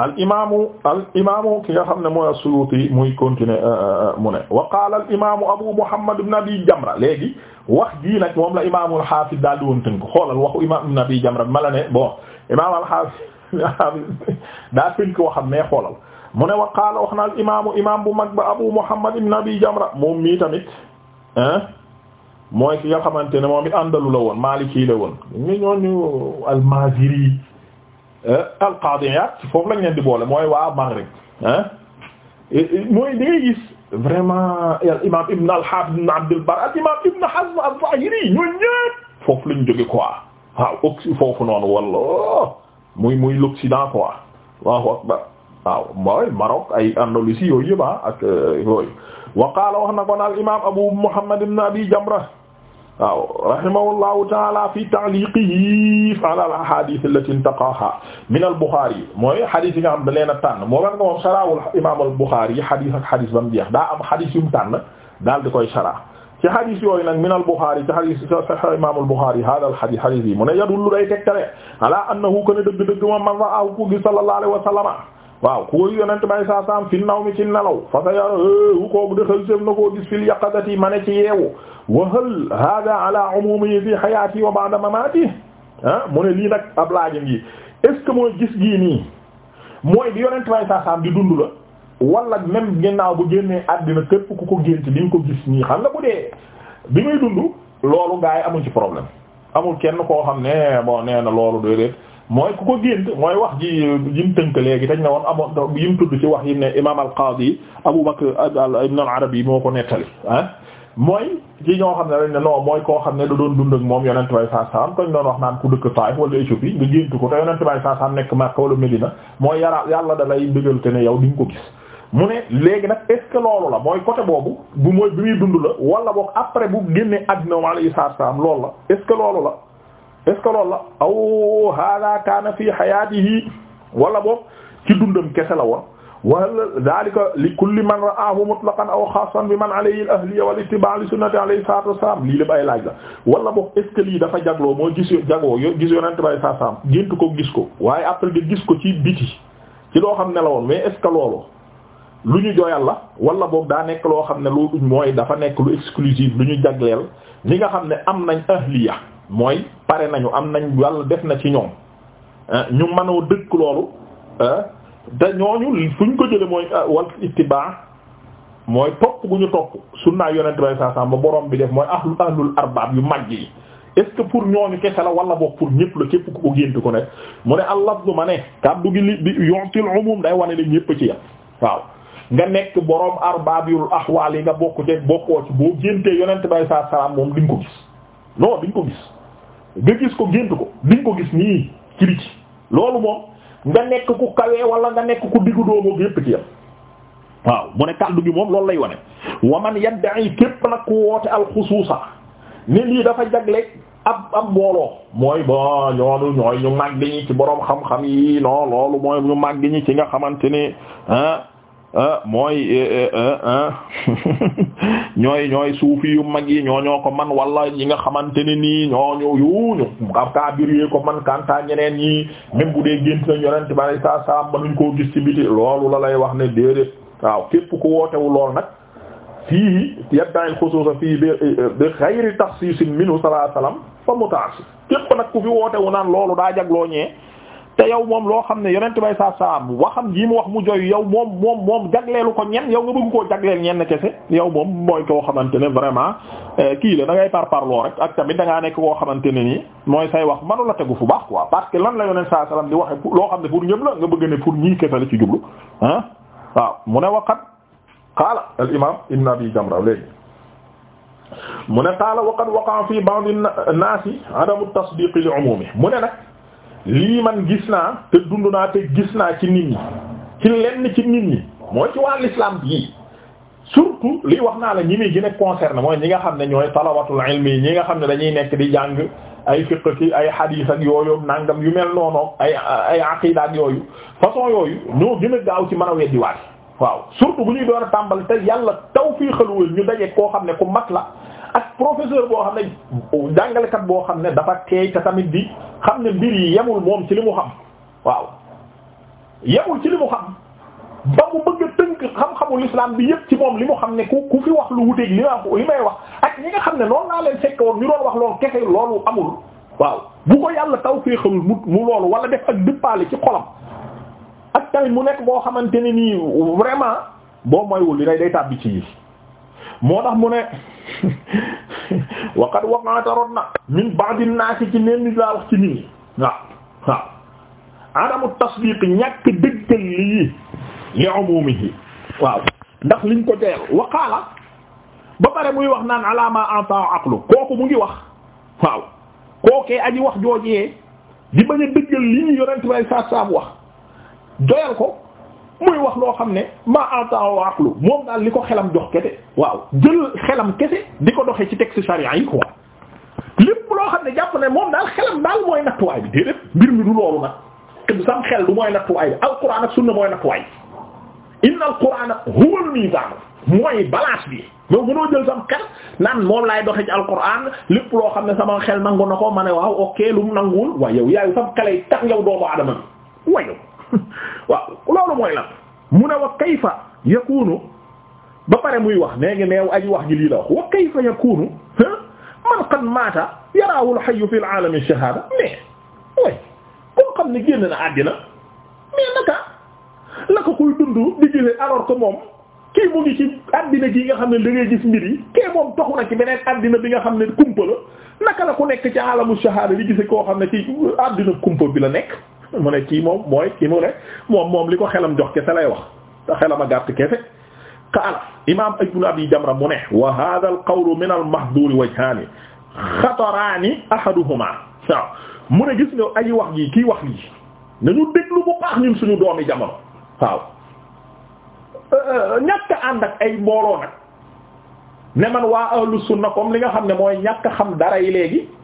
al imaamu al imaamu ki nga xam ne mooy as-Suyuti muy continuer euh, euh, euh, mu ne wa qaala al imaamu Abu Muhammad ibn Abi Jamra léegi wax jii nag moom la imaamu al-Hafiz daal di woon tënk xoolal waxu imaam ibn Abi Jamra bi ma la ne bon imaamu al-Hafiz daa tënk waxam ne xoolal mu ne wa qaala wax na al imaamu imaam bu mag ba Abu Muhammad ibn Abi Jamra moom mii tamit mooy ki nga xamante ne moom it àndalu la woon Maliki la woon ñu ñooñu al-Maziri Euh, alqadiyat foofu lañ leen di boole mooy waa Maghrib ah mooy da ngay gis vraiment al imam ibn al-Hafiz ibn Abd al-Barr al ibn Hazm az-Zahiri ñooñu ñëpp foofu lañ jóge quoi waaw osi foofu noonu wala muy muy l'Occident quoi Allahu akbar waaw mooy ah, ak euh, yooyu wa qaala wax na ko al imam Abu Muhammad ibn Abi Jamra waaw rahimahullahu taala fi ta'liqihi ala al ahadith allati intaqaha min al Bukhari mooy xadis yi nga xam da leen a tànn moo ran nga moom sarawul imam al Bukhari yi xadis ak xadis ba mu jeex daa am xadis yu mu tànn daal di koy sara ci xadis yooyu nag min al Bukhari ci xadis sahih imam al Bukhari hada al xadis xadis yi mu ne yadullu day tegtale ala annahu kana dëgg-dëgg moom man ra'ahu ku gis sallallahu alayhi wa sallama waaw ku koy yonent bay saa saam fi naw mi ci nelaw fa sa yara kooku de xëy na koo gis fil yaqazati ma ne ci yeewu wa hal hada ala umumihi fi hayati wa ba'da mamati ah mu ne lii nag ab laajam yi est-ce que mooy gis gii nii mooy di yonent way saasaam di dund la wala même ginnaaw bu génnee àddina képp ku ko gént di nga ko gis nii xam nga bu dee bi muy dund loolu gaa amul ci problème amul kenn koo xam ne bon nee na loolu déedéet mooy ku ko gént mooy wax ji yim tënk léegi dañ ne woon amoon yim tudd ci wax yi ne imaam al qaadi Abu Bakr al ibn al Arabi moo ko nettali ah mooy ci ñoo xam ne dañ ne non mooy koo xam ne da doon dund ak moom yonent bay saa saam koñ doon wax naan ku dëkk Taif wala Éthiopie nga ko te yonent bay saa saam nekk Makka wala Médina mooy yara yàlla da lay dëgal te ne yow di nga ko gis mu ne léegi nag est loolu la mooy côté boobu bu bi muy dund la wala boog après bu génnee addina alayhi salaam loolu la est ce que loolu la est ce la aw hada kaana fi hayatihi wala boog ci dundam kese la woon wa daalika li kulli man ra'aahu mutlaqan aw xaasan bi man alayhi al-ahliyya wal ittibaa' li sunnati alayhi salaatu wa salaam lii lépp ay laaj la wala boog est ce que lii dafa jagloo moo gis jagoo gis yonent bay saa saam gént ko gis ko waaye après di gis ko ci biti ci loo xam ne mais est ce que loolu lu ñu jooyal la wala boog daa nekk loo xam ne lu mooy dafa nekk lu exclusive lu ñu jagleel ñi nga xam ne am nañ ya mooy pare nañu am nañ yàlla def na ci ñoom ah, ñu mënoo dëkk loolu ah, te ñooñu fu ñu ko jële mooy euh, wal ittibaa mooy topp gu ñu topp sunnaa yonent bay saa saa ba boroom bi def mooy ahlu ahlul arbaab yu mag yi est-ce que pour ñooñu kese la wala boo pour ñëpp la képp ku ko gént ko ne mu ne allafdu ma ne kàddu gi li bi yontil umum day wane ne ñëpp ci yam waaw nga nekk borom arbabul ahwaal yi nga bokk ci bokkoo ci boo géntee yonent bay saa saa moom di nga ko gis non di ko gis nga gis ko gént ko di ko gis nii ci loolu moom nga nekk ku kawee wala nga nekk ku diggu doomu gépp ci waaw mu ne kàddu gi moom loolu lay wane waman yadda'i képp nag ku woote alxusuusa ni lii dafa jagle ab ab mbooloo mooy ba ñoonu ñooy ñu màgg ñi ci boroom xam-xam yi non loolu mooy ñu màgg ñi ci nga xamante ni ah Ah, mooy eh, eh, eh, ñooy ñooy suufi yu mag yi ñoo ñoo ko man wala ñi nga xamante ne nii ñooñu yuñu ka ka yee ko man kanta ñeneen ñi même bu dee gént nañ yonent ba lay saa saa mënuñ koo gis ci biti loolu la wax ne déedéet waaw képp ku wootewu lool nag fii yaddaay xusuusa fii bi bi xayri minu salaa salaam fa mutaasi képp nag ku fi wootewu naan loolu daa jagloo ñee te yow moom loo xam ne yonent bay saa saa waxam ji mu wax mu joy yow moom moom moom jagleelu ko ñen yow nga bëgg koo jagleel ñenn kese yow moom mooy koo xamante ne euh, kii la da ngay par parloo rek ak tamit da ngaa nekk koo xamante ne nii mooy say wax manu la tegu fu baax quoi parce que lan la yonent saa salaam di waxe loo xam ne pour ñëpp la nga bëgg ne pour ñii kese la ci jublu ah waaw mu ne waqat qaala al imam ibn abi jamra léegi mu ne qaala waqat waqa fi ba'd an-naasi adamu tasdiq li umumi ne nag lii man gis naa te dund naa te gis naa ci nit ñi ci lenn ci nit ñi mooy ci waa l'islam bii surtout lii wax naa la ñi muy gën a concerné mooy ñi nga xam ne ñooy talawatul ilmi ñi nga xam ne dañuy nekk di jàng ay fiqh ki ay hadith ak yooyu nangam yu mel noonu ay ay aqida yooyu façon yooyu ñoo gën a gaaw ci mën a weddi waat waaw surtout bu ñuy doon a tàmbali te yàlla tawfiixal ñu daje koo xam ne ku mat la ak professeur boo xam ne jàngalekat boo xam ne dafa teey te tamit bi xam ne mbir yi yemul moom ci li mu xam waaw yemul ci li mu xam ba mu bëgg tënk xam-xamul islam bi yëpp ci moom li mu xam ne ku ku fi wax lu wuteeg li ma li may wax ak ñi nga xam ne noonu laa leen fekk woon ñu doon wax loolu kese loolu amul waaw bu ko yàlla tawfeexalul mu mu loolu wala def ak dëppaale ci xolam ak tamit mu nekk boo xamante ne nii vraiment boo moywul li day day tàbbi ci yi moo tax mu ne waqad waqaata rot na min ba'di naasi ci neen ni laa wax ci nit ñi waaw waaw adamu tasdiq ñàkk dëggal lii li umumihi waaw ndax liñ ko jeyal waqaala ba pare muy wax naan alama anta aqlu kooku mu ngi wax waaw kookee aji wax joojee di bañ a dëggal lii yonent bay saab saab wax doyal ko muy wax loo xam ne ma ataahu aqlu moom daal li ko xelam jox kese waaw jël xelam kese di ko doxee ci texte charia yi quoi lépp loo xam ne jàpp ne moom daal xelam daal mooy nattuwaay bi déedéet mbir mi du loolu nag te sam xel du mooy nattuwaay bi alquran ak sunna mooy nattuwaay inna alquran mooy balance bi moom mënoo jël sam xel naan moom laay doxee ci alquran lépp loo xam ne sama xel nangu na ko ma ne waaw ok lu mu nanguwul waaye yow yaayu sam xelay tax yow doomu adama waaw loolu mooy lan mu ne wa kayfa yakunu ba pare muy wax nee ngi neew aji wax ji lii la wax wa kayfa yakunu man qad maata yaraahu al-hayyu fi al shahaada mais way koo xam ne génn na àddina mais naka la ko kuy dund di gisee alors ko moom kii mu ngi ci àddina gi nga xam ne da ngay gis mbir yi kee moom toxu na ci beneen àddina bi nga xam ne kumpa la naka la ku nekk ci aalamu shahaada di gisee koo xam ne ci àddina kumpa bi la nekk mu ne kii moom mooy ki mu ne moom moom li ko xelam jox kese lay wax te xelam a gàtt kese qaala imam ibn abi jamra mu ne wa hadha al min al mahduri wajhani xataraani ahaduhuma mu ne gis nga ay wax gi kii wax gi nañu déglu bu baax ñun suñu doomi jamono waaw euh, ñàkk ànd ak ay mbooloo nag ne man waa ahlu sunna comme li nga xam ne mooy ñàkk xam dara yi léegi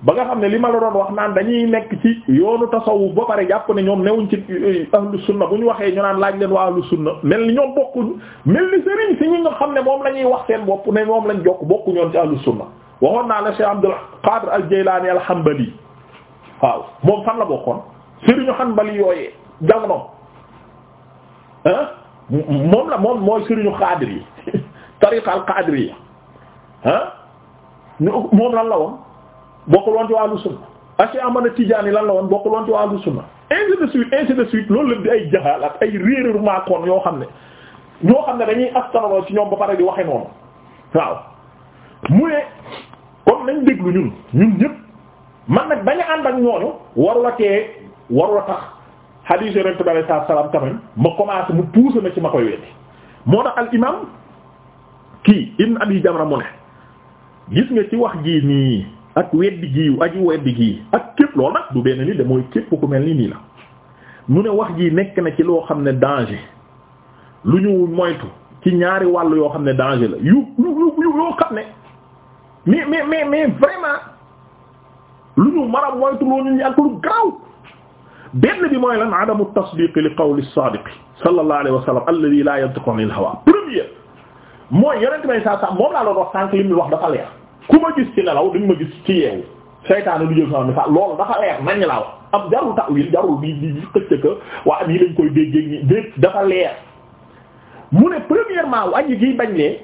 ba nga xam ne li ma la doon wax naan dañuy nekk ci yoonu tasawuf ba pare jàpp ne ñoom newuñ ci eh, ahlu sunna bu ñu waxee ñu naan laaj leen waa ahlu sunna mel ni ñoom bokkuñ mel ni sëriñ si ñi nga xam ne moom lañuy wax seen bopp ne moom lañ jokk bokku ñoon ci ahlu sunna waxoon naa la Cheikh Abdul Qadir al-Jaylaani al-Hanbali waaw moom fan la bokkoon sëriñu Hanbali yooyee jamono ah moom la moom mooy sëriñu Qadir yi tariqa al-Qadiriyya ah moom lan la bokkul woon ci wàllu sunna Cheikh Ahmad Tidiane lan la woon bokkul woon ci wàllu sunna ainsi de suite ainsi de suite loolu lépp di ay jaxal ak ay réeréeru maakoon yoo xam ne yoo xam ne dañuy askanaloo ci ñoom ba pare di waxe noonu waaw mu ne comme nañ déglu ñun ñun ñëpp man nag bañ a ànd ak ñooñu waru la tee waru la tax hadith yonent bi alayhi salaam tamit ma commencé mu poussé na ci ma koy weddi moo tax al imam kii ibn abi jamra mu ne gis nga ci wax gi ak weddi giiw aji weddi gii ak képp loolu nag du benn nit de mooy képp ku mel ni nii la mu ne wax ji nekk na ci loo xam ne danger lu ñu moytu ci ñaari wàll yoo xam ne danger la yu yu yu yoo xam ne mais mais mais mais vraiment lu ñu mën moytu loolu ñu ak lu gaaw benn bi mooy lan adamu tasdiq li qawli as-sadiq sallallahu alayhi wa sallam alladhi la yantiqu anil hawa premier mooy laa doon wax sànq li mu wax dafa leer ku ma gis ci nelaw dañ ma gis ci yeewu seytaane du jël sama misaal loolu dafa leer nañ la wax ab jarul ta'wil jarul bi di xëcc ka waa am yi lañ koy déggee nii dafa leer mu ne premièrement wàññi kiy bañ lee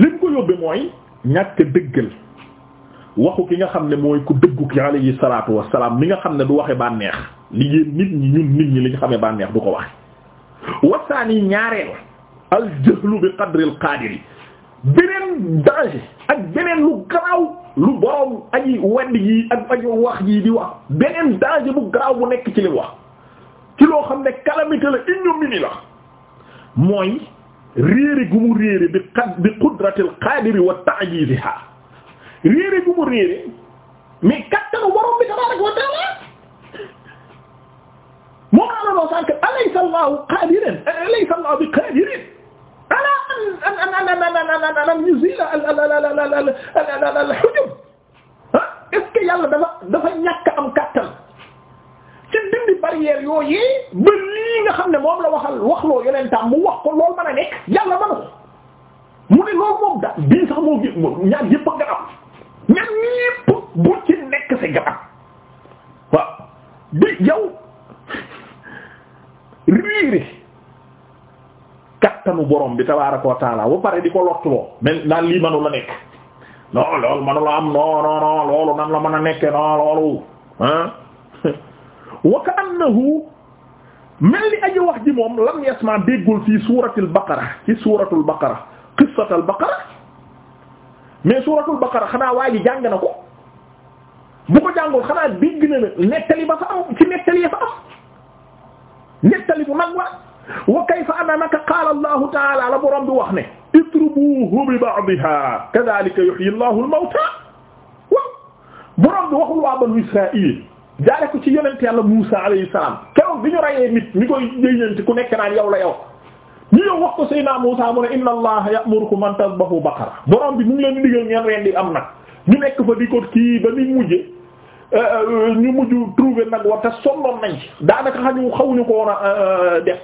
liñ ko yóbbee mooy ñàkk dëggal waxu ki nga xam ne mooy ku dëggu ki yi salaatu wassalaam mi nga xam ne du waxe bànneex li nit ñi ñun nit ñi li ñu xamee bànneex du ko waxe wasaani ñaareel al bi qadril qadiri beneen danger ak beneen lu garaaw lu borom aji wedd yi ak aji wax yi di wax beneen danger bu garaaw bu nekk ci li wax ci loo xam ne calamité la ignominie la mooy réere gu mu réere bi qad bi qudratil qadiri wa ta'jiziha réere gu mu réere mais kattanu borom bi tabarak wa ta'ala moo naa la noo sànk alaysa allahu qadiran alaysa allahu bi qadirin ala an an an an an yuzila al hujub est-ce que yàlla dafa dafa ñàkk am kàttan ci dindi barrière yooyu ba lii nga xam ne moom la waxal waxloo yeneen tam mu wax ko loolu mën a nekk yàlla manu ko mu ne loolu moom da bii sax moo gën moom ñaar yëpp a garab ñaar yëpp bu ci nekk sa garab waaw bi yow riiri kattanu borom bi tabaaraka wa taala pare di ko lottuloo mais naan lii manu la nekk non loolu manu la am non loolu nan la mën a nekke non loolu ah wa ka annahu mel ni aji wax ji moom lam yasma déggul fii suuratul baqara ci suuratul baqara qissatul baqara mais suuratul baqara xanaa waa jàng na ko bu ko jàngul xanaa dégg nettali ba fa am nettali ya fa am wa kayfa ana naka qaala allahu taala la borom bi wax ne idribuuhu bi ba'dihaa kadhalika yuhyi allahu al-mawtaa waaw borom bi waxul waa banu israil jaare ko ci yonent yàlla Muusaa alayhi bi ñu nit ñu koy jëyante ku nekk naan yow la yow ñu yow wax ko Seydina Muusaa mu ne inna allaha ya'murukum an tadhbahu baqara borom bi mu ngi leen di digal am nag ñu ekk fa di ko kii ba ni mujje euh, euh, ñu mujj trouver nag war te sonnoon nañ ci daanaka xañu xawuñu ko woon euh, def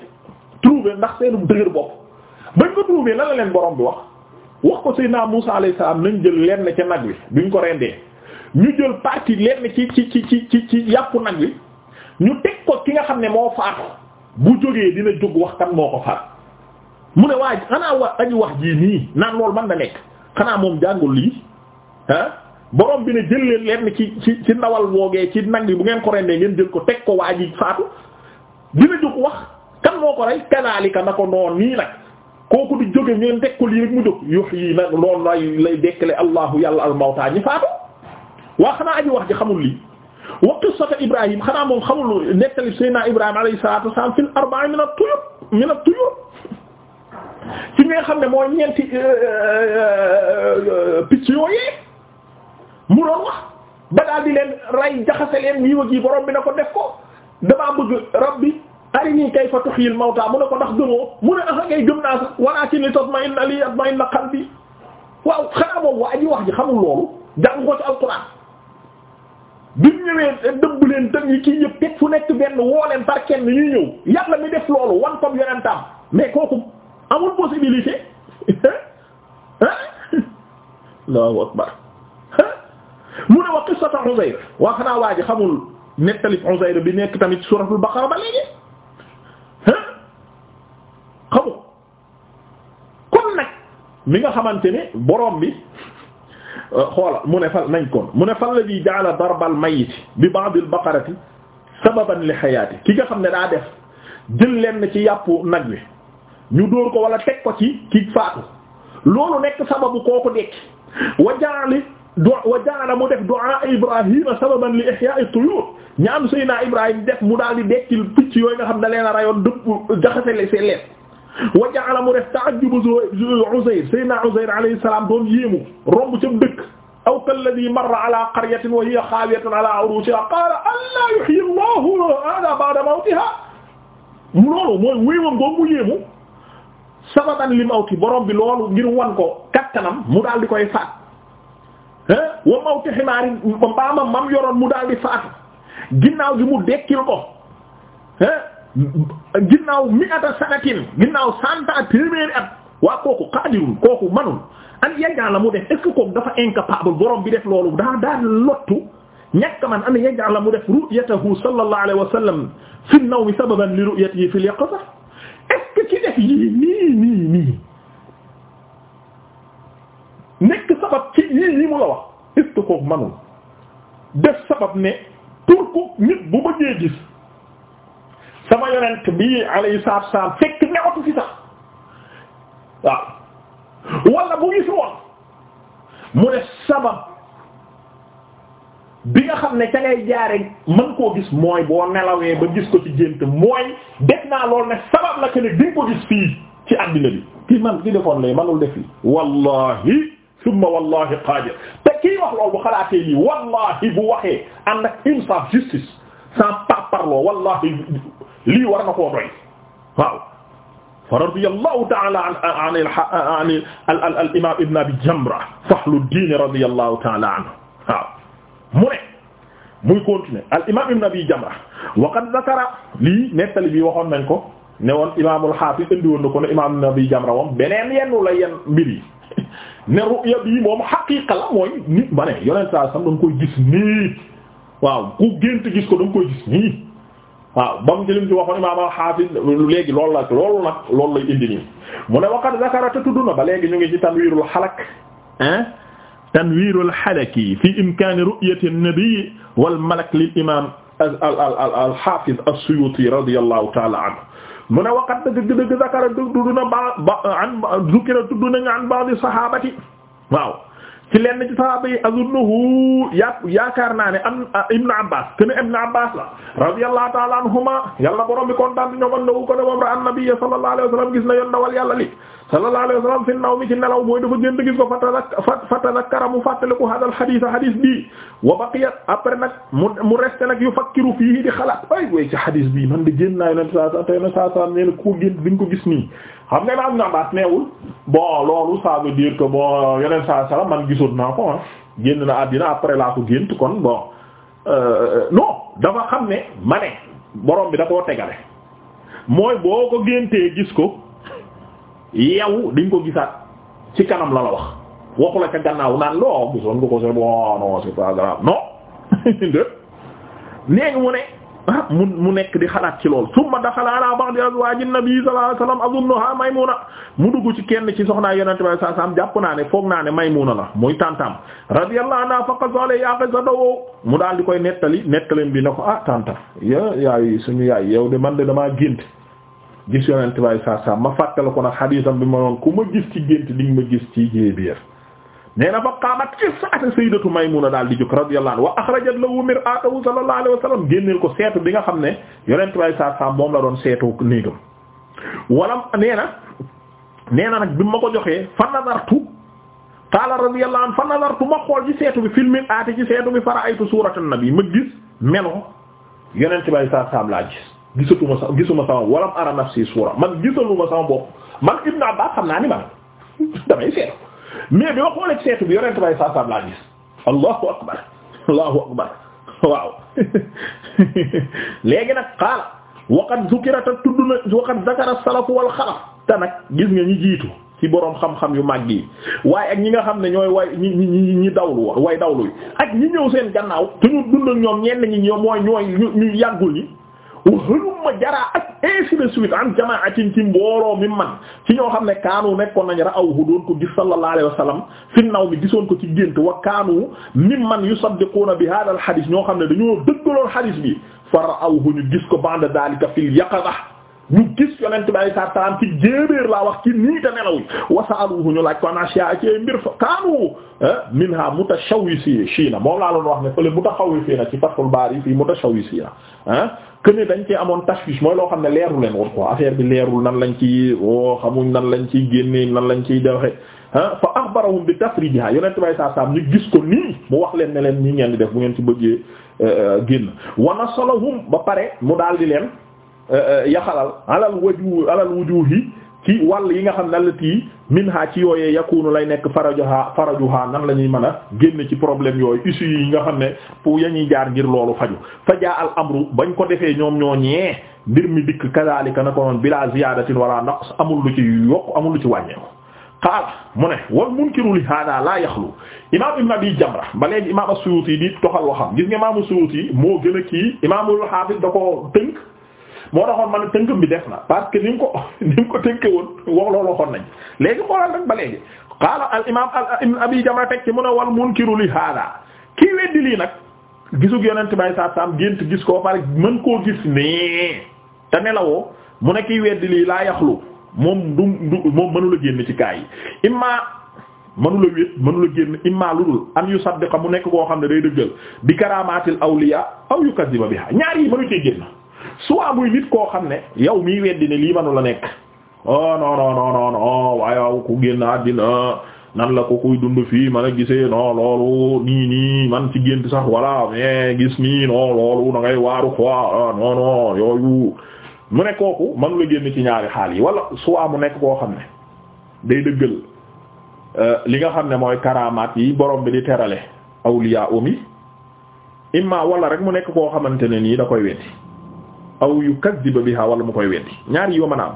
trouvé ndax seenum dëgër bopp bañ ko trouvé la la leen borom bi wax wax ko Seydina Musa alayhi salaam nañ jël lenn ca nag wi duñ ko rendee ñu jël partie lenn ci ci ci ci ci ci yàppu nag wi ñu teg ko ki nga xam ne moo faatu bu jógee dina jóg wax kan moo ko faat mu ne waa xanaa wa añu wax jii nii naan loolu man na nekk xanaa moom jàngul lii ah borom bi ne jël leen lenn ci ci ci ndawal woogee ci nag wi bu ngeen ko rendee ngeen jël ko teg ko waa ji faatu dina jóg wax kan moo ko rey kanaalika na ko noon nii nag kooku di jóge ngeen teg ko lii rek mu jóg yox yi nag loolu lay lay dekkale allahu yàlla almawta ñi faatu waa xanaa aji wax ji xamul lii wa qissata ibrahim xanaa moom xamul nettali seydina ibrahim alayhi salatu wasalam fil arba'i min at-tuyur min at-tuyur ci nga xam ne mooy ñeenti euh, euh, picc yooyee mu doon wax ba daal di leen ray jaxase leen nii wag yi borom bi na ko def ko damaa bëgg rabbi arini kayfa tuhyil mawta mu ko nax gëmoo mu ne ah ngay gëm naa sax walaakin li tatma'inna li yatma'inna qalbi waaw xanaa wax ji xamul loolu jàng ko ci alquran bi mu ñëwee eh, dëbb leen dëgg yi kii yëpp teg fu nekk benn woo leen par ñuy ñëw yàlla mi def loolu wan ko yonentam mais kooku amul possibilité ah Allahu akbar mu ne wa qissata Uzayr waa bi nekk tamit suuratul Baqara ba mi nga xamante ni borom bi euh, xoola mu ne fal nañ koon mu ne fal la bi jaala darbal mayit bi ba'dil baqarati sababan li xayaati ki nga xam ne daa def jël leen ci yàppu nag wi ñu dóor ko wala teg ko ci ki faatu loolu nekk sababu kooku dekk wa jaali du wa jaala mu def du'a ibrahima sababan li ihya'i tuyur ñaan seyna ibrahim def mu daal di dekkil picc yooyu nga xam ne leen a rayoon dëpp jaxase seen leen wa ja'ala mu def ta'ajjub Uzayr Seydina Uzayr alayhi salaam doon yéemu romb ca dëkk aw kalladhi marra ala qaryatin wa hiya khawiyatun ala urushiha qala alla yuhyi Allahu hadha ba'da mawtiha loolu mooy wéewam boobu mu yéemu sababan li mawti borom bi loolu ngir wan ko kattanam mu daal di koy faat wa mawti ximaari mbaamam mam yoroon mu daal di faatu ginnaaw gi mu dekkil ko ginnaaw mi ata sanatin ginnaaw santa téeméeri at waa kooku xaadirul kooku manul an yajala mu def est ce dafa incapable borom bi def loolu daa daa lottu ñàkk man an yajala mu def ru'yatahu sallallahu alayhi wa sallam fi an-nawm sababan li ru'yatihi fi al-yaqظa est ci def yii nii nii nii nekk sabab ci yii nii mu la wax est kooku manul def sabab ne pour ko nit bu bëggee gis sama yonent bi alayhi salaatu wa salaam fekk newatu fi sax waaw bu gis woon mu ne sabab bi nga xam ne ca ngay jaare mën koo gis mooy boo nelawee ba gis ko ci gént mooy def naa lool ne sabab la ke ne ko gis fii ci àddina bi man ki defoon lay manul def li wallahi summa wallahi qadir te wax lool bu xalaatee wallahi bu waxee ànd ak insaf justice sans parparloo wallahi lii war na koo doy waaw fa radiyallahu ta'ala an an al imam ibn abi jamra fakhruddin radiyallahu ta'ala anhu waaw mu ne muy continuer al imam ibn abi jamra wa qad dhakara lii nettali bi waxoon nañ ko ne woon imaamul hafiz indi woon na ko ne imam abi jamra moom beneen yennu la yenn mbir yi ne ru'ya bii moom xaqiqa la mooy nit ba ne yonent saa sam da nga koy gis nii waaw ku ko da koy gis nii waaw ba mu jëlim ci waxoon imaam al-Hafiz léegi loolu la loolu nag loolu lay indi nii mu ne waqad zakara te tudd na ba léegi ñu ngi ci tanwiirul halak ah tanwiirul halaki fi imkaani ru'yati an-nabi wal malak lil imaam al al al al-Hafiz as-Suyuti radiyallahu ta'ala anhu mu ne waqad dëgg dëgg zakara tudd na ba ba an zukira tudd nañu an ba'di sahabati waaw ci lenn ci sahaaba yi azunnahu yàpp yaakaar naa ne am ah, ibnu abbas kene ibnu abbas la radiyallahu ta'ala anhuma yàlla borom bi kontaan ñoom ak nawu ko ne moom ra an nabiyya sallallahu alayhi wasallam gis na yoon dawal yàlla li sallallahu alayhi wasallam fi naw mi ci nelaw mooy dafa gént gis ko fataak fatadakkara mu fàttaliku hadal hadith hadith bii wa baqiya après nag mu mu resté nag yu fakkiru fii di xalaat ay way ci hadith bii man de génn naa yonent saa saa nee na ko gént bi nga ko gis nii xam nga naa am naa baas neewul bon loolu ça veut dire que saa sallam man gisoon naa ko ah génn na àddina après laa ko gént kon bon euh, euh, non dafa xam ne ma ne borom bi da koo tegale mooy boo ko géntee gis ko yow di ko gisaat ci kanam la la wax waxu la ca gannaaw naan loo gisoon nga ko c'est bon non c'est pas mu ne ah, mu mu nekk di xalaat ci lool summa daxala ala ba'di azwaaji nabi sallallahu alayhi wasallam mu dugg ci kenn ci soxnaa yonente bi saa jàpp naa ne foog naa ne maymuna la muy tantam radiyallahu anha faqasole yaaqi sa dowoo mu daal di koy nettali nettaleen bi ne ko ah tanta ya yaay suñu yaay yow de man de damaa gént gis yonent bay saa saa ma fàttala ko nag xadiisam bi ma noon ku ma gis ci gént di ma gis ci jéebiir nee na fa qaamat ci saata sayyidatu maymuna daal di jóg radiyallahu anha wa akhrajat lahu mir'atahu sallallahu alayhi wa génneel ko seetu bi nga xam ne yonent bay saa saa moom la doon seetu néegam wala nee na nee na nag bi ma ko joxee fa nadartu qaala radiyallahu anhu fa nadartu ma xool ci seetu bi fil mir'ati ci seetu bi fa ra'aytu suratan nabi ma gis melo yonent bay saa saa laa gis gisatuma sa gisuma sama walam ara nafsi suura man gisaluma sama bopp man Ibn Abbas xam naa ni man damay seet mais bi ma xoolee ci seetu bi yonent bay saasam laa gis allahu akbar allahu akbar waaw léegi nag qaala waqad zukira te tudd na waqad zakara salafu xalaf te nag gis nga ñi jiitu ci boroom xam-xam yu mag yi waaye ak ñi nga xam ne ñooy way ñi ñi ñi dawlu way dawlu yi ak ñi ñëw seen gannaaw te ñu dund ak ñoom ñenn ñi ñoom mooy ñooy wa hëlumma jaraa ak ainsi de suite an jamaatin ci mbooloo mi man ci ñoo xam ne kaanu nekkoon nañ ra aw hu doon ko gis sallallahu alayhi wa sallam fi naw mi gisoon ko ci gént wa kaanu mimman yusaddiquna bi hadha al hadith ñoo xam ne dañoo dëggaloon hadith bi fara aw hu ñu gis ko ba'da daalika fil yaqaza ñu gis yonent bi alayhi salaam ci jéebéer laa wax ci nii te nelaw wasaaluhu ñu laaj ko anasiya ci mbir fa kaanu eh, minha mutashawisiina moom laa doon wax ne fële mutashawisiina ci Fathul Baari fii mutashawisiina ah eh. que ne dañ cee amoon tashwish mooy loo xam ne leeru leen woon quoi affaire bi leerul nan lañ ci woo xamuñ nan lañ ciy génnee nan lañ ciy joxe ah fa akhbarahum bi tafrijiha yonent bay saa saam ñu gis ko nii mu wax leen ne leen ñi ngeen di def bu ngeen ci bëggee euh, euh, génn wana solahum ba pare mu daal di leen euh, yaxalal alal waju alal wujuhi ci wàll yi nga xam ne la tii minha ci yooyee yakunu lay nekk farajuha farajuha nan la ñuy mën a génn ci problème yooyu issu yi nga xam ne pour ya yañuy jaar ngir loolu faju fa jaa al amru bañ ko defee ñoom ñoo ñee mbir mi dikk kadalika na ko noon bila ziyadatin wala naqs amul lu ci yokk amul lu ci wàññeeku qaala mu ne wal munkiru li hada la yaxlu imam ibn abi jamra ba léegi imam as-suyuti di toxal waxam gis nga imam as-suyuti moo gën a kii imam al-hafiz da ko moo taxoon man tënkam bi def na parce que ni nga ko ni nga ko tënke woon wax loolu nañ léegi xoolal rek ba léegi qaala al imam ibn abi jamra teg ci mun a wal munkiru li hada kii weddi lii nag gisug yonent bay saa gént gis koo pare mën koo gis nee te nelawoo mu ne kii weddi lii laa yaxlu moom du du moom mënula génn ci kaay yi imma mënula wét mënula génn imma lu dul an yusaddiqa mu nekk koo xam ne day dëggal bi karamaatil awliya aw yukadiba biha ñaar soit muy nit koo xam ne yow miy weddi ne lii manu la nekk oh non non non non waaye ku génn àddina nan la ko kuy dund fii man a gisee non loolu nii nii man ci gént sax voilà mais gis nii non loolu da waaru quoi ah, non non yooyu mu ne kooku manu la génn ci ñaari xaal yi wala soit mu nekk koo xam ne day dëggal euh, li nga xam ne mooy karamaat yi borom bi di terale awliya umi imma wala rek mu nekk koo xamante ne nii da koy wetti aw yukaddiba biha wala mu koy weddi ñaar yi wa mën a am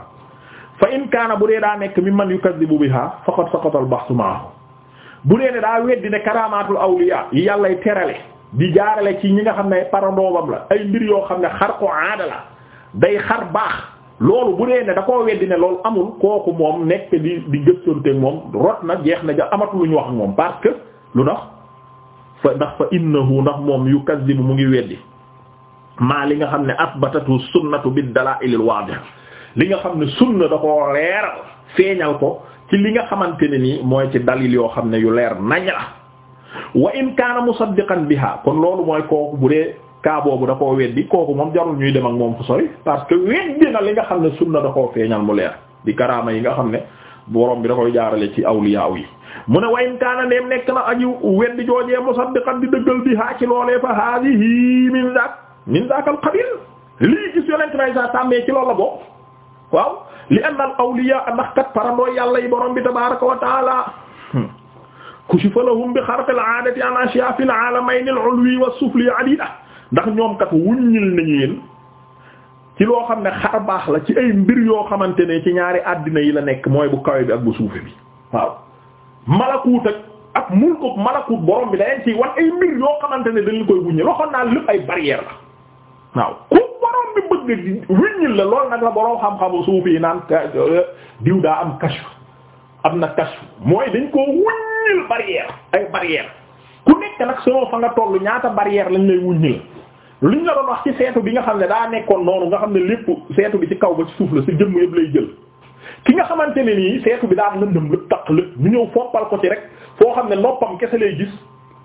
fa in kaana bu dee daa nekk mi man yukaddibu biha faqad saqata al bahth ma'ahu bu dee ne daa weddi ne karamatul awliya yi yàllay di jaarale ci ñi nga xam ne ay parandoobam la ay mbir yoo xam ne xar ko day xar baax loolu bu dee ne da koo weddi ne loolu amul kooku moom nekk di di gëstonteeg moom rot na jeex na ja amatu lu ñu wax ak moom parce que lu ndax fa ndax fa innahu ndax moom yukazzibu mu ngi weddi maa li nga xam ne asbatatu sunnatu bi dalaa'il al-waadiha li nga xam ne sunna da koo leeral feeñal ko ci li nga xamante ne nii mooy ci dalil yoo xam ne yu leer nañ la wa in kaana musaddiqan biha kon loolu mooy kooku bu dee kaa boobu da koo weddi kooku moom jarul ñuy dem ak moom fu sori parce que weddi na li nga xam ne sunna da koo feeñal mu leer di garaama yi nga xam ne borom bi da koy jaarale ci awliyaaw yi mu ne wayin kaana neem nekk na aji weddi min zaakal qabil lii gis yonent may sa sàmmee ci loolu la bokk waaw li anna al awliya ndax kat parandoo yàlla yi borom bi tabaaraka wa taala kushifa lahum bi xarqil aadati an ashyaa fil aalamayn al ulwi wa sufli adida ndax ñoom kat wuññil nañu yéen ci loo xam ne xar baax la ci ay mbir yoo xamante ne ci ñaari àddina yi la nekk mooy bu kawe bi ak bu suufe bi waaw malakuut ak ak mulk ak malakuut borom bi da leen ci wan ay mbir yoo xamante ne dañ koy wuññil waxoon naa lépp la waaw ku borom bi bëgg wiññil la loolu nag la borom xam-xamu suufi yi naan euh, diw daa am kashf am na kashf mooy dañ koo wuññil barrière ay barrière ku nekk nag solo fa nga tollu ñaata barrière lañ lay wuññil luñ la doon wax ci seetu bi nga xam ne daa nekkoon noonu nga xam ne lépp seetu bi ci kaw ba ci suuf la sa jëmm yëpp lay jël ki nga xamante ne nii seetu bi daan lëndëm lépp taq lépp ñu ñëw fompal ko ci rek foo xam ne noppam kese lay gis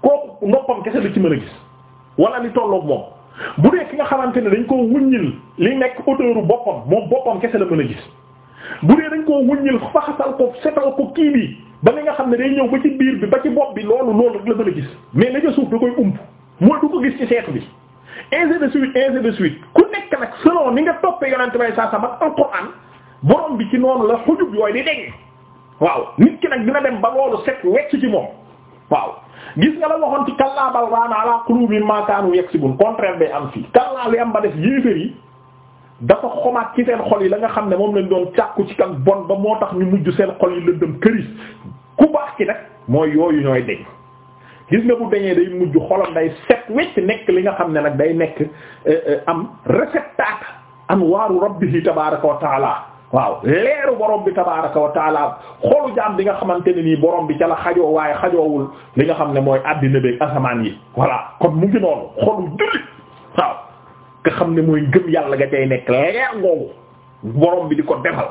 kooku noppam kese la ci mën a wala ni tolloog moom bu dee ki nga xamante ne dañ koo wuññil li nekk auteuru boppam moom boppam kese la mën a gis bu dee dañ koo wuññil faxasal ko setal ko kii bi ba nga xam ne day ñëw ba ci biir bi ba ci bopp bi loolu loolu rek la mën a gis mais la ca suuf da koy ump mooy du ko gis ci seetu bi ainsi de suite ainsi de suite ku nekk nag selon ni nga toppee yonente bay saa sa ak alxuraan borom bi ci noonu la xujub yooyu di dégg waaw nit ki nag dina dem ba loolu set wecc ci moom waaw gis nga la waxoon ci kallaa bal raana ala qulubihim ma kaanu yaksibun contraire day am fii kallaa li am ba def yéeféer yi dafa xomaat ci seen xol yi la nga xam ne moom lañ doon càkku ci kan bon ba moo tax ñu mujj seen xol yi lëndëm këris ku baax ki nag mooy yooyu ñooy deñ gis nga bu deñee day mujj xolam day set wecc nekk li nga xam ne nag day nekk euh, euh, am réceptacle anwaaru rabbihi tabaaraka wa taala waaw leeru borom bi tabaraka wa taala xolu jaam bi nga xamante ne nii borom bi ca la xajoo waaye xajoowul li nga xam ne mooy àddina beeg asamaan yi voilà kon mu ngi noonu xolu jullit waaw nga xam ne mooy gëm yàlla nga cay nekk leer ngoogu borom bi di ko defal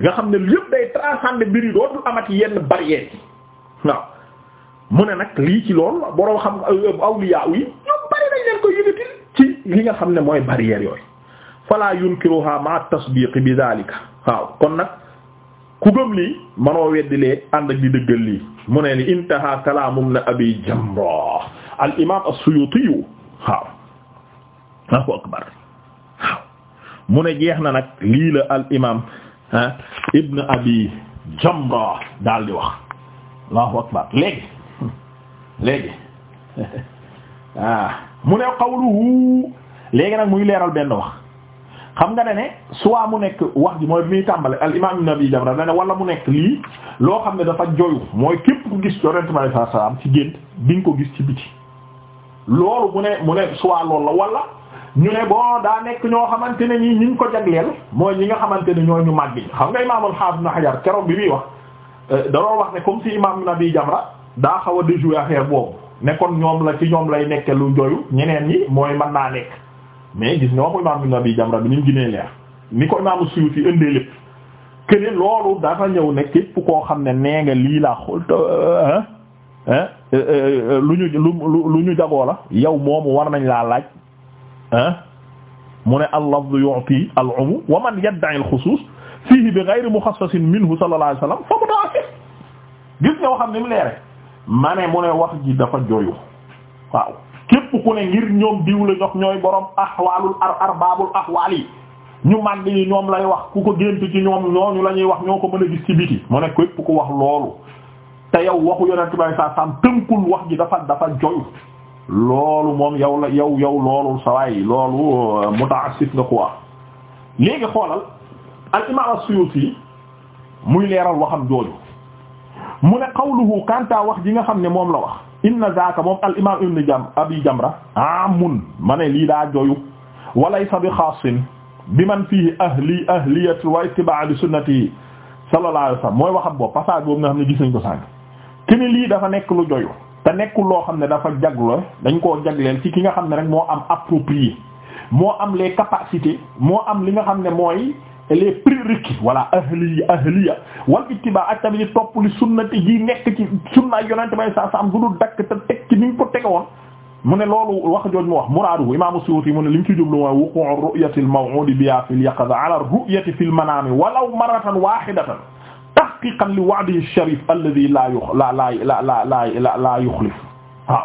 nga xam ne lépp day transcender mbir yi dootul amati yenn barrières yi waaw mu ne nag lii ci loolu borom xam awliya yi ñoom bari nañ leen ko yëgatil ci li nga xam ne mooy barrières yooyu fala yunkiruha ma tasdiq bi daalika waaw kon nag ku gëm lii manoo weddilee ànd ak di dëggal lii mu ne ni intaha kalaamum na abi jamra al imam as-suyuti waaw allahu akbar waaw mu ne jeex na nag lii la al imam ibn abi jamra daal di wax allahu akbar léegi léegi ah mu ne qawluhu léegi nag muy leeral benn wax xam nga ne ne soit mu nekk wax ji mooy bi muy tàmbale al imam ibn abi jamra ne wala mu nekk lii loo xam ne dafa joyu mooy képp ku gis yonent bi alayhi ci gént di ko gis ci biti loolu mu ne mu ne soit loolu la wala ñu ne bon daa nekk ñoo xamante ne ñi ñu ko jagleel mooy ñi nga xamante ne ñoo ñu màgg xam nga imaamul xaafis na xajar keroog bi muy wax euh, da wax ne comme si imam ibn abi jamra daa xaw a déjouer affaire boobu ne kon ñoom la ci ñoom lay nekke lu joyu ñeneen ñi mooy mën naa nekk mais gis nga waxu imaam Ibn Abi Jamra bi ni mu ginee leer ni ko imaam Suyuti ëndee lépp que loolu dafa ñëw ne képp koo xam ne nee nga lii laa xool euh, euh, euh, lu ñu lu ñu jagoo la yow moomu war nañ laa laaj ah mu ne al-lafzu yu'ti al-'umum wa man yadda'i al-khusus fihi bi ghayri mukhassasin minhu sallallahu alayhi wasallam fa muta'assif gis nga waxam ni leere ma ne mu ne wax ji dafa joyu waaw képp ku ne ngir ñoom diw la ñooy borom ahwaalul ar arbaabul ahwaal yi ñu màgg yi ñoom lay wax ku ko gént ci ñoom ñooñu la ñuy wax ñoo ko mën a gis ci biti mu ne képp ku wax loolu te yow waxu yonent bi saa saam tënkul wax ji dafa dafa joyu loolu moom yow la yow yow loolu sawaay loolu euh, mutaassif nga quoi léegi xoolal al imam as muy leeral waxam jooju mu ne qawluhu kanta wax ji nga xam ne moom la wax inna zaaka moom al imaam ibn jam abi jamra amun ma ne lii daa joyu walaysa bi xaasin bi man fiihi ahli ahliyat wa ittiba' li sunnati sallallahu alayhi wasallam mooy waxam boobu passage boobu nga xam ne gis nañ ko sànq ki ni lii dafa nekk lu joyu te nekkul loo xam ne dafa jaglo dañ koo jagleel ci ki nga xam ne rek moo am approprié moo am les capacité moo am li nga xam ne mooy les prérequis voilà ahli ahliya wal ittiba ak tamit topp li sunnati ji nekk ci sunna yonente may sa sam du dakk te teg ci niñ ko tege woon mu ne loolu wax jooj mu wax muraaduhu imaamu Suyuti mu ne li mu ci jublu mooy wuqu'u ru'yati al-maw'udi biha fil yaqza ala ru'yati fil manami walaw marratan wahidatan tahqiqan li wa'dihi ash-sharif alladhi la la la la la la yukhlif waaw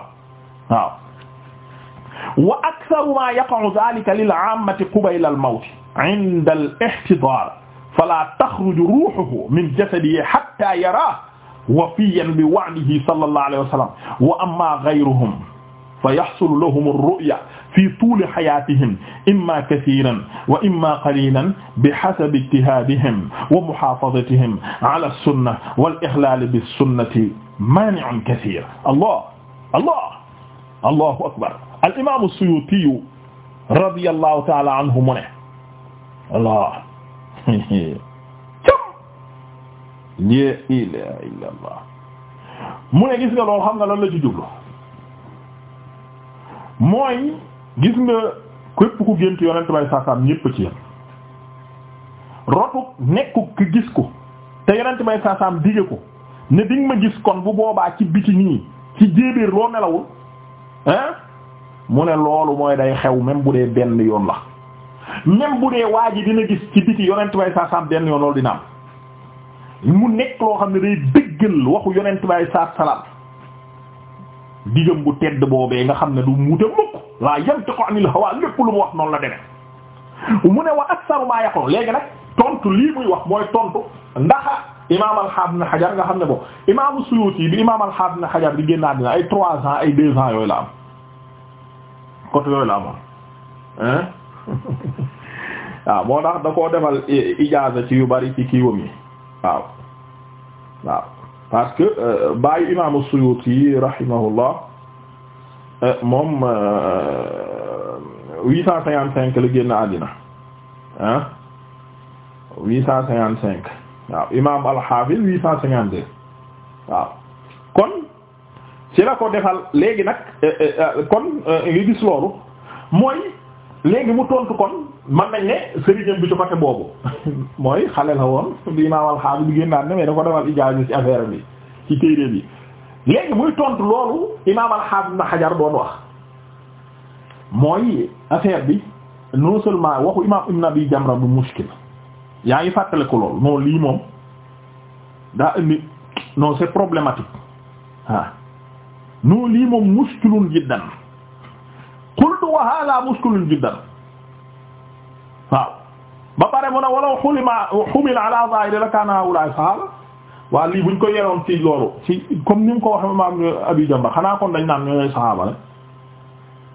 waaw wa aktharu ma yaqa'u dhalika lil 'ammati qabla al-mawt inda al-ihtidaar falaa taxruju ruuhuhu min jasadihi hattaa yaraa wafiyan bi wa'dihi sallallahu alayhi wa sallam wa ammaa ghayruhum فيحصل لهم الرؤية في طول حياتهم إما كثيرا وإما قليلا بحسب اجتهادهم ومحافظتهم على السنة والإخلال بالسنة مانع كثير الله الله الله أكبر الإمام السيوطي رضي الله تعالى عنه mu ne Allah laa ilaaha mu ne gis nga loolu xam nga lan la ci jublu mooy gis nga képp ku gént yonent bay saasaam ñépp ci yam rotu nekku ki gis ko te yonent bay saasaam dige ko ne dinga ma gis kon bu boobaa ci biti nii ci jéebéer loo nelawul hein mu ne loolu mooy day xew même bu dee benn yoon la même bu dee waa ji dina gis ci biti yonent bay saa saam benn yoon loolu mu nekk loo xam ne day dëggal waxu yonent bay saa salaam digam bu tedd boobee nga xam ne du muute mukk laa yantiqu anil hawa lépp lu mu wax noonu la deme mu ne wa aksaru maa yaqulu léegi nag tontu lii muy wax mooy tontu ndax imaam al-Hafiz Ibn Hajar nga xam ne boo imaamu Suyuti bi imaam al-Hafiz Ibn Hajar di génnaat dina ay trois ans ay deux ans yooyu la am côté yooyu la amoon hein waaw moo tax da defal ijaaza ci yu bari ci kiiwam yi waaw waaw parce que euh, bàyyi imaamu Suyuti rahimahullah euh, moom euh, huit cent cinquante cinq la àddina ah huit cent cinquante cinq waaw imaam al-Hafiz huit cent cinquante deux waaw kon ci la ko defal léegi nak kon nga loolu mooy léegi mu tontu kon man nañ ne sëriñam bi ci côté boobu mooy xale la woon bi imaamal xaalis bi génnaat ne mais da ko defal ijaaza ci affaire bi ci téere bi léegi muy tontu loolu imaamal xaalis na xajar doon wax mooy affaire bi non seulement waxu imaam ibn abi jamra bu mushkil yaa ngi fàttale ko loolu non lii moom daa indi non c'est problématique ah non lii moom mushkilun jiddan qultu wa hadha mushkilun jiddan waaw ba pare mu ne walaw xulima xumila ala zahiri la kaana haulaay sahaba waaw lii buñ ko yeroon ci loolu ci comme ni mu ko waxe imaam Abi Jamra xanaa kon dañ naan ñooy sahaba la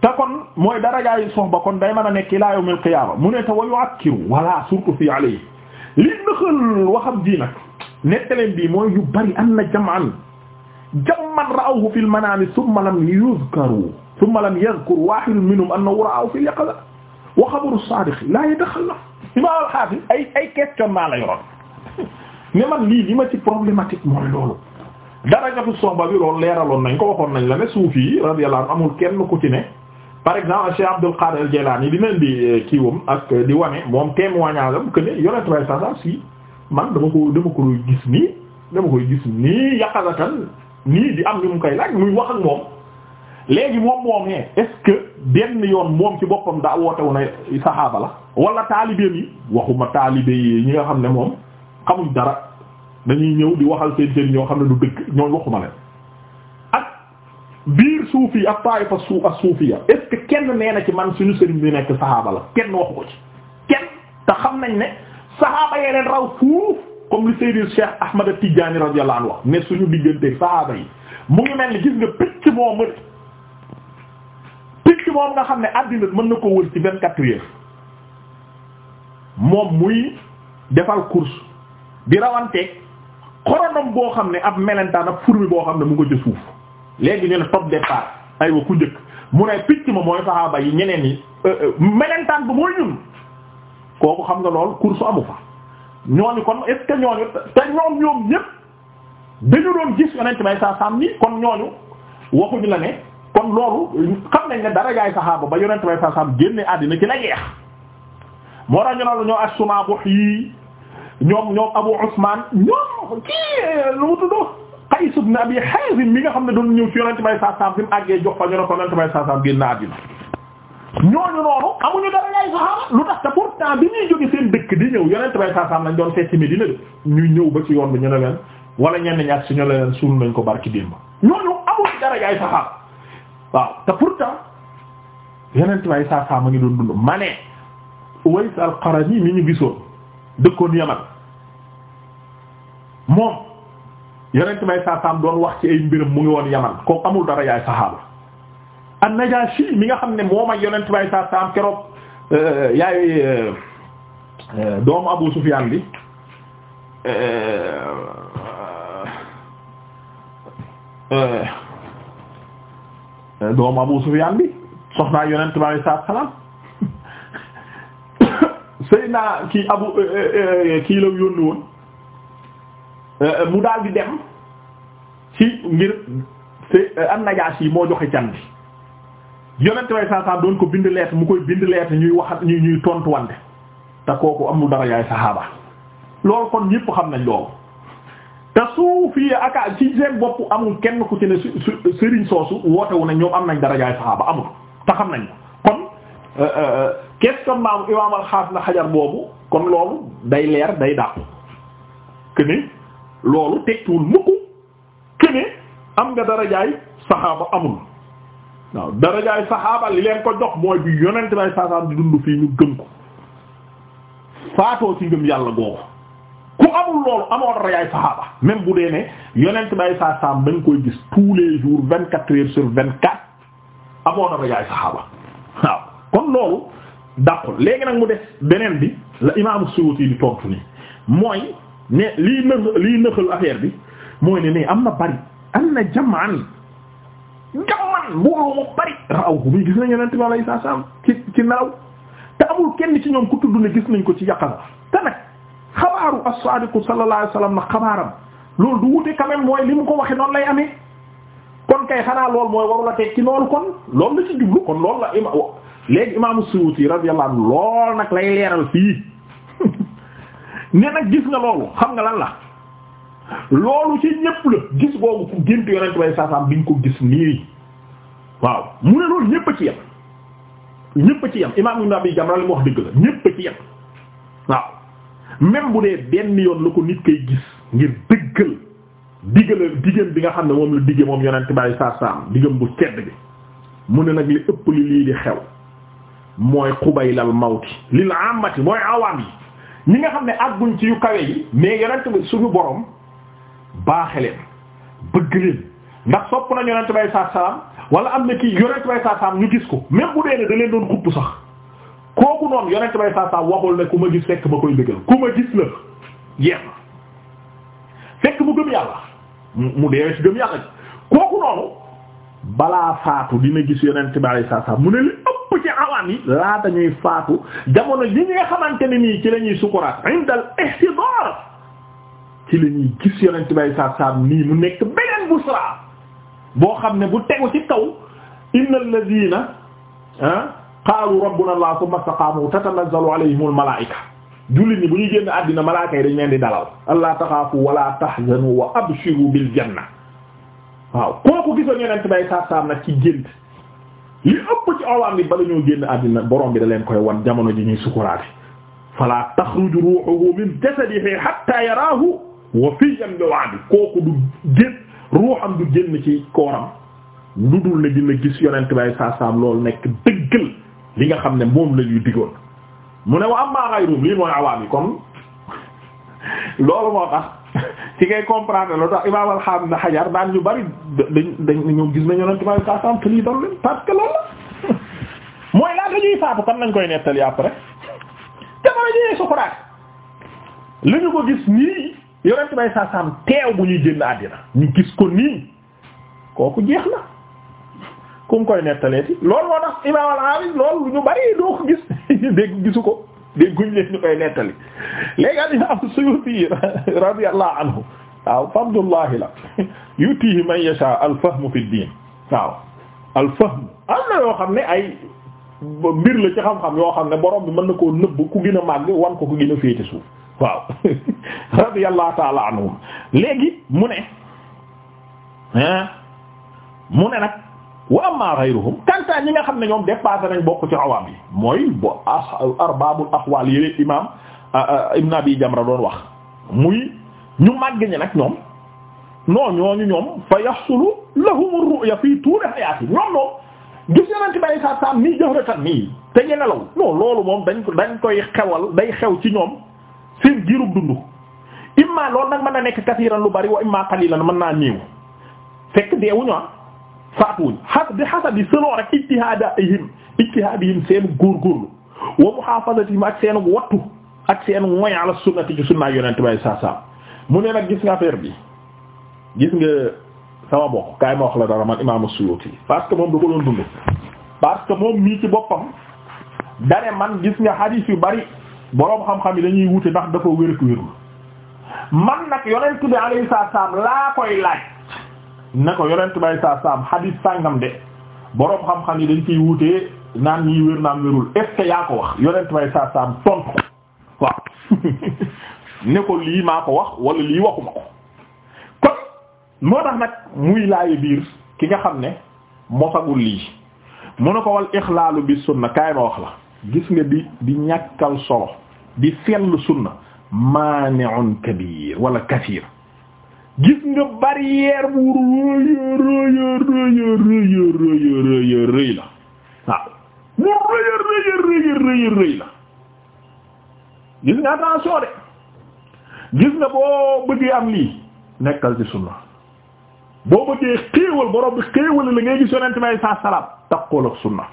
te kon mooy darajaayu soxba kon day mën a nekk ilaa yawmil qiyaama mu ne te wa yu'akkiru wala surtout fii alayhi li nëxal waxam ji nag nettaleen bii mooy ñu bari anna jam'an jamman ra'awhu fil manaami summa lam yuzkaru thumma lam yadhkur wahidun minhum annahu ra'ahu fil wa xabaru saadiqi la yatakhallaf imam al-hafiz ay ay questionnement la yoroon ne man lii li ma ci problématique mooy loolu darajatu soxba yi loolu leeraloon nañ ko waxoon nañ la ne suufi yi radiyallahu anhu amul kenn ku ci ne par exemple Cheikh Abdul Qadir al-Jilani di leen di kiiwam ak di wane moom témoignage am que ne yonent bay sasa si man dama ko dama ko gis nii dama koy gis nii yaqazatan nii di am ñu mu koy laaj muy wax ak moom léegi moom moom est-ce que benn yoon moom ci boppam daa wootewu na saxaaba la wala taalibeem yi waxuma taalibe yi ñi nga xam ne moom xamuñ dara dañuy ñëw di waxal seen seen ñoo xam ne du dëgg ñooñ waxuma leen ak biir suufi ak taifa suuf ak suufiya est kenn nee na ci man suñu sëriñ bi nekk saxaaba la kenn waxu ko ci kenn te xam nañ ne saxaaba yee leen raw fuuf comme li Seydil Cheikh Ahmad Tidiane radiyallahu anhu wax ne suñu digganteeg saxaaba yi mu ngi mel ni ki moom nga xam ne àddina mën na ko wër ci vingt quatre heures moom muy defal course di rawanteeg xoronom boo xam ne ab melentaan ab fourmi boo xam ne mu nga ca suuf léegi ñu ne top départ aywa ku njëkk mu ne picc ma mooy saxaaba yi ñeneen yi euh, euh, melentaan ba mooy ñun kooku xam nga lool course amu fa ñooñu kon est ce ñooñu te ñoom ñoom ñëpp dañu doon gis yonent may sa sam ni kon ñooñu waxuñu la ne kon loolu xam nañ ne dara jaay saxaaba ba yonent bay saxaam génne àddina ci la jeex moo tax ñu ne la ñoo ak suma box yi ñoom ñoom Abu Usman ñoom kii lu mu tuddoo Qays ibn Abi Hazim mi nga xam ne doon ñëw ci yonent bay saxaam bi mu àggee jox fa ñu ne ko yonent bay saxaam génne àddina ñooñu noonu amuñu dara jaay saxaaba lu tax te pourtant bi ñuy jóge seen dëkk di ñëw yonent bay saxaam lañ doon seet ci Medina de ñuy ñëw ba ci yoon bi ñu ne leen wala ñenn ñaar si ñu ne leen suul nañ ko barki démb ñooñu amuñu dara jaay saxaaba waaw te pourtant yeneen tubaab yi saa saa ngi doon dund ma ne Uways al-Qarani mi ñu gisoon dëkkoon Yaman moom yeneen tubaab yi saa saa doon wax ci ay mbiram mu ngi woon Yaman kooku amul dara yaay saxaaba a najashi mi nga xam ne moom ak yeneen may yi saa saa keroog euh, yaay euh, doomu Abu Sufyan bi euh, Euh, doomu Abu Sufyan bi soxnaa yonent bi alayhi salaatu salaam Seydina kii Abu euh, euh, kii la yónni woon mu ngir an-Najaashi yi moo joxe can bi yonent bi alayhi salaatu doon ko bind lettre mu koy bind lettre ñuy wax ñuy tontuwante te kooku amul dara yaay saxaaba loolu kon ñépp xam nañ loolu. te suufi aka ci seen bopp amul kenn ku ci ne sëriñ soosu woote wu ne ñoom am nañ darajaay saxaaba amul te xam nañ kon euh, euh, euh, questionnement imaam al-Hafiz na xajar boobu kon loolu day leer day dàqu que ne loolu tekkiwul mukk que am nga darajaay saxaaba amul waaw darajaay saxaaba leen ko jox mooy bi yonent bay saxaaba di fii ñu gëm ko faatoo ci ngëm yàlla googu ku amul loolu amoon reyaay saxaaba même bu dee ne yonent bay saa saam dañ koy gis tous les jours vingt quatre heures sur vingt quatre amoon reyaay saxaaba waaw kon loolu dàqul léegi nag mu def beneen bi la imaamu Suyuti di tontu nii mooy ne lii nëx lii nëxal affaire bi mooy ne ne am na bari am na jaman jamaan mbooloo mu bari raawuko bii gis nañ yonent bi alayhi salaam ci ci nelaw te amul kenn ci ñoom ku tudd ne gis nañ ko ci yàqala xabaaru as-sadiqu sallallahu alayhi wasallam na loolu du wute quand mooy li mu ko waxee noonu lay amee kon kay xanaa loolu mooy warula teg ci loolu kon loolu la ci jublu kon loolu la ima léegi imaamu Suyuti radiyallahu anhu lool nag lay leeral fii ne nag gis nga loolu xam nga lan la loolu ci ñépp la gis googu fu gént yonent bay saasaam biñ ko gis nii waaw mu ne loolu ñépp ci yem ñépp a ci yem imaam Ibn Abi Jamra li mu wax dëgg la ñépp ci yem waaw même bu dee benn yoon la ko nit koy gis ngir dëggal diggalal diggam bi nga xam ne moom la digge moom yonent bàyyi saa saam diggam bu tedd bi mu ne nag li ëpp li lii di xew mooy xubaylal mawti lil amati mooy awaam yi ñi nga xam ne àgguñ ci yu kawe yi mais yonent bi suñu borom baaxe bëgg leen ndax sopp na yonent bàyyi saa saam wala am na kii yonent bàyyi saa saam ñu gis ko même bu dee ne da leen doon xupp sax kooku noonu yonent bay saa saa waxul ne ku ma gis fekk ma koy bëggal ku ma gis la jeex na fekk mu gëm yàlla mu deewee gëm yàlla kooku noonu balaa faatu dina gis yonent bay saa saa mu ne li ëpp ci awaan yi laata ñuy faatu jamono yi nga xamante ne nii ci lañuy ñuy sukuraat indal ihtidar ci la ñuy gis yonent bay saa saa nii mu nekk beneen busra boo xam ne bu tegu ci kaw innal ladina ah qaalu rabbuna allah thumma istaqaamu tatanazzalu alayhimul malaa'ika jullit ñi bu ñuy génn àddina malaaka yi dañ leen di dalal allah taxaafu wala tahzanu wa abshiru bil janna waaw kooku gisoon yeneen bay saab saab nag ci gént li ëpp ci awaam bi bala ñoo génn àddina borom bi da leen koy wan jamono ji ñuy sukuraate fala taxruju ruuxuhu min jasadihi hatta yaraahu wa fiyyan bi wa'di kooku du génn ruuxam du génn ci kooram lu dul ne dina gis yonent bay saab saab loolu nekk dëggal li nga xam ne moom lañuy ñu digoon mu ne wa amma ghayrum lii mooy loolu moo tax ci ngay comprendre loolu tax imaam al na Hajar daan ñu bari dañ dañ ñoo gis nañu Yonent bi sallallahu alayhi wa sallam te leen parce que loolu la mooy laata ñuy faatu kan lañ koy nettali après jamono ji ñuy sukuraat la ñu ko gis nii Yonent bi sallallahu alayhi wa teew bu ñuy génn àddina ñu gis ko nii kooku jeex na. ku mu koy nettaleeti loolu moo tax imaam al-Hafiz loolu ñu bari doo ko gis dégg gisu ko dégguñ leen ñu koy nettali léegi al imaam Suyuti radiyallahu anhu waaw fadlullahi la yutihi man yasha al-fahm fi diin waaw al am na yoo xam ne ay mbir la ci xam-xam yoo xam ne boroom bi mën na koo nëbb ku gën a màgg wan ko ku gën a féete suuf waaw radiyallahu ta'ala anhu léegi mu ne mu ne nag wa amma ghayruhum kanta ñi nga xam ne ñoom dépassé nañ bokk ci awaam yi mooy bu arbabul aqwal yélee imam ibn abi jamra doon wax muy ñu màgg ñi nag ñoom non ñooñu ñoom fa yaxsulu lahum ru'ya fii tuuri hayaati ñoom ñoom gis yonente saam nii jahratan nii te ngenelaw non loolu moom dañ dañ koy xewal day xew ci ñoom seen giirub dund imma loolu nag mën na nekk kasiiran lu bari wa imma qalilan mën naa néew fekk deewuñu ah. faatuwuñ xas bi xasabi selon rek ijtihaadihim ijtihaadihim seen góorgóorlu wa muhaafazatihim ak seen wattu ak seen moy ala sunnati ci sunnaay yonent bay saa saa mu ne nag gis nga affaire bi gis nga sama bokk kaay ma wax la dara man imaamu Suyuti parce que moom da ko doon parce que moom mii ci boppam dane man gis nga hadith yu bari boroom xam-xam yi dañuy wute ndax dafa wér ak man nag yonent bi alayhi salaam laa koy laaj ne ko yonent bay saa saam xadis sàngam de boroom xam-xam yi dañ ciy wutee naan ñii wér naan wérul est yaa ko wax yonent bay saa saam tontu ko ne ko lii maa ko wax wala lii waxuma ko kon moo tax nag muy laayi biir ki nga xam ne mosagul lii mu ne ko wal ixlaalu bi sunna kaay ma wax la gis nga di di ñàkkal solo di fell sunna maani'un kabiir wala kasiir gis nga barrière bu rëy rëy la waaw mu rëy rëy rëy rëy la gis nga attention de gis nga boo bëggee am lii nekkal ci sunna boo bëggee xéewal borom bi xéewal la ngay gis yonent may sa salaam takkool sunna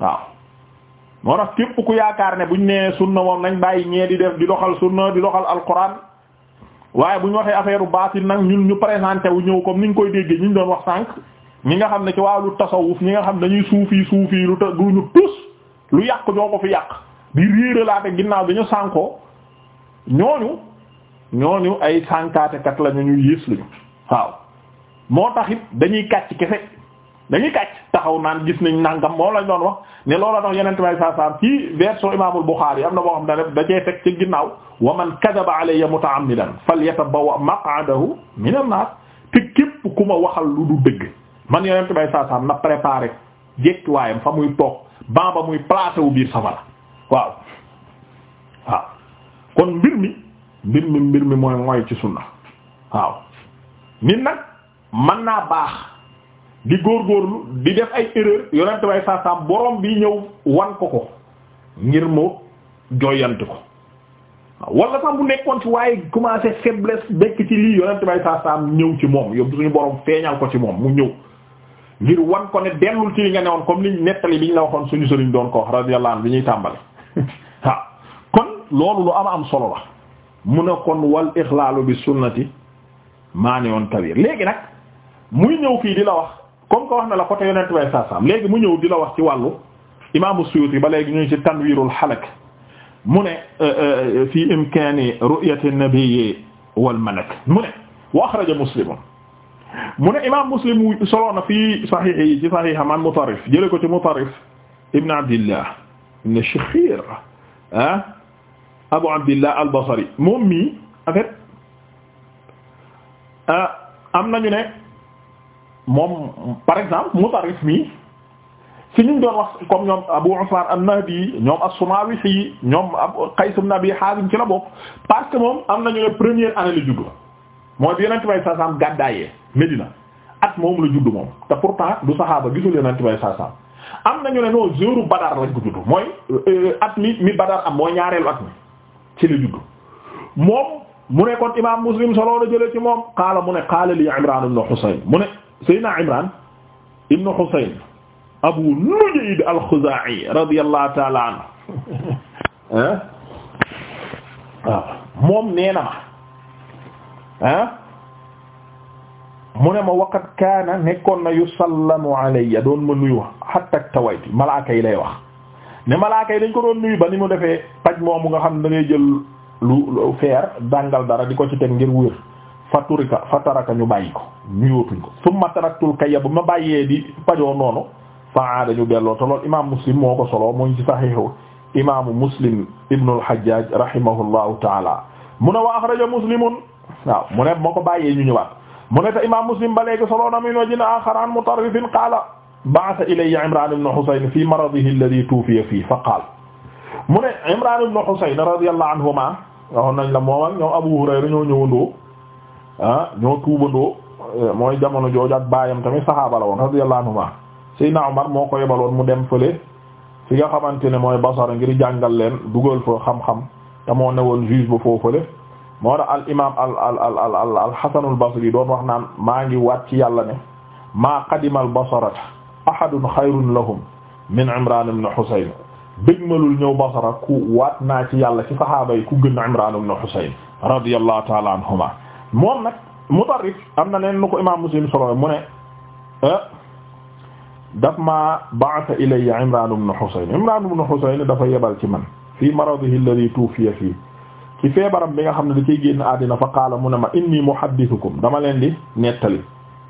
waaw moo tax képp ku yaakaar ne buñ nee sunna moom nañ bàyyi ñee di def di doxal sunna di doxal alquran waaye bu ñu waxee affaire yi nag ñun ñu présenté wu ñëw comme ni ñu koy déggee ñu doon wax sànq ñi nga xam ne ci wàllu tasawuf ñi nga xam ne dañuy suufi suufi lu ta du ñu tus lu yàq ñoo ko fi yàq di réeralaate ginnaaw bi ñu sànkoo ñooñu ñooñu ay sànkaatekat lañu ñu yées lañu waaw moo tax it dañuy kàcc kese. dañuy kàcc taxaw naan gis nañ nangam moom lañ doon wax ne loola tax yeneen may saa saam ci imaamul Buxaari am na boo xam ne da cee teg ci ginnaaw wa man kadaba alayya muta'ammidan falyatabawwa maq'adahu minan naar te képp ku ma waxal lu du dëgg man yeneen may saa saam na préparé jekki waayam fa muy toog ban ba muy placer wu biir safara waaw waaw kon mbir mi mbir mi mbir mi mooy mooy ci sunna waaw nit nag mën naa baax. di góor góorgóorlu di def ay erreur yonent bay saasaam boroom bi ñëw wan ko ko ngir mu joyant ko wala sax bu nekkoon ci waaye commencé faiblesse bekk ci lii yonent bay saasaam ñëw ci moom yóbbu suñu borom feeñal ko ci moom mu ñëw ngir wan ko ne dellul ci li nga newoon comme liñ nettali bi ñu la waxoon suñu sëriñ doon ko wax radiyallahu anhu bi ñuy tàmbale waaw kon loolu lu am am solo la mu ne kon wal ixlaalu bi sunnati maa ne woon kabir léegi nag muy ñëw fii di la comme que wax na la côté yonent way saasaam léegi mu ñëw di la wax ci wàllu imaamu Suyuti ba léegi ñu ngi ci tanwiirul halak mu ne euh, euh, fi imkaani ru'yati an-nabiyyi wal malak mu ne wa akhraja muslimun mu ne imaam muslim solo na fii saxiix yi ci saxiixam an Mutarrif jëlee ko ci Mutarrif ibn Abdillah ibn Shikhir ah Abu Abdillah al-Basri moom mii en fait ah am nañu ne. moom par exemple Mutarrif mi si ñu doon wax comme ñoom Abu Usman an-Nahdi ñoom as-Sumawisi ñoom Qays ibn Abi Hazim ci la bokk parce que moom am nañu ne première année la judd mooy bi Yonent bay saasaam gàddaayee Medina at moom la judd moom te pourtant du saxaaba gisul Yonent bay saasaam am nañu ne non zéro Badar lañ ko mooy euh, at mi mi Badar am mooy ñaareelu at mi ci la judd moom mu ne kon imaam Muslim solo la jëlee ci moom qaala mu ne qaala li Imran ibn Husayn mu ne. Seydina Imran ibn Husayn Abu Nujayd al-Khuzaa'i ta'ala anhu ah waaw moom nee na ma ah mu ne ma waqad kaana nekkoon na yu yusallamu alayya doon ma nuyu hatta tawaytu malaaka yi lay wax ne malaaka yi dañ ko doon nuyu ba ni mu defee paj moomu nga xam ne da ngay jël lu feer dàngal dara di ko ci teg ngir wër. faturika fataraka ñu bàyyi ko ñu yóotuñ ko summa taraktul kayya ba ma bàyyee di pajoo noonu faa dañu delloo te loolu imaamu muslim moo ko soloo mu ngi ci saxiixu imaamu muslim ibnul hajjaaj rahimahullahu taala mu ne wa axraja muslimun waaw mu ne moo ko bàyyee ñu ñëwaat mu ne te imaam muslim ba léegi soloo na muy noo jina axaraan mutarrifin qaala ba'atha ilayya imraan ibn husayn fi maradihi alladhi tuufiya fiihi fa qaala mu ne imraan ibn husayn radiyallahu anhuma waxoon nañ la moomal ñoom abu hurayra ñoo ñëwandoo ah ñoo tuubandoo eh, mooy jamono jooju ak baayam tamit saxaaba la woon radiyallahu anhuma Seydina Omar moo ko yebaloon mu dem fële fi nga xamante ne mooy Basra ngir jàngal leen dugal fa xam-xam te moo newoon juge ba foofale moo tax al imaam al al al al al al Basri doon wax naan maa ngi waat ci yàlla ne maa qadimal basarata ahadun xayrun lahum min Imraan ibn Husayn dégmalul ñëw Basra ku waat naa ci yàlla ci saxaaba yi ku gën Imraan ibn Husayn radiyallahu ta'ala anhuma moom nag Mutarrif am na leen nu ko imaam Muslim solo mu ne eh, daf ma ba'atha ilayya Imraan ibn Husayn Imraan ibn Husayn dafa yebal ci man fii maradihi alladhi tuwuffiya fii ci feebaram bi nga xam ne da ciy génn àddina fa qaala mu ne ma inni muhaddithukum dama leen di nettali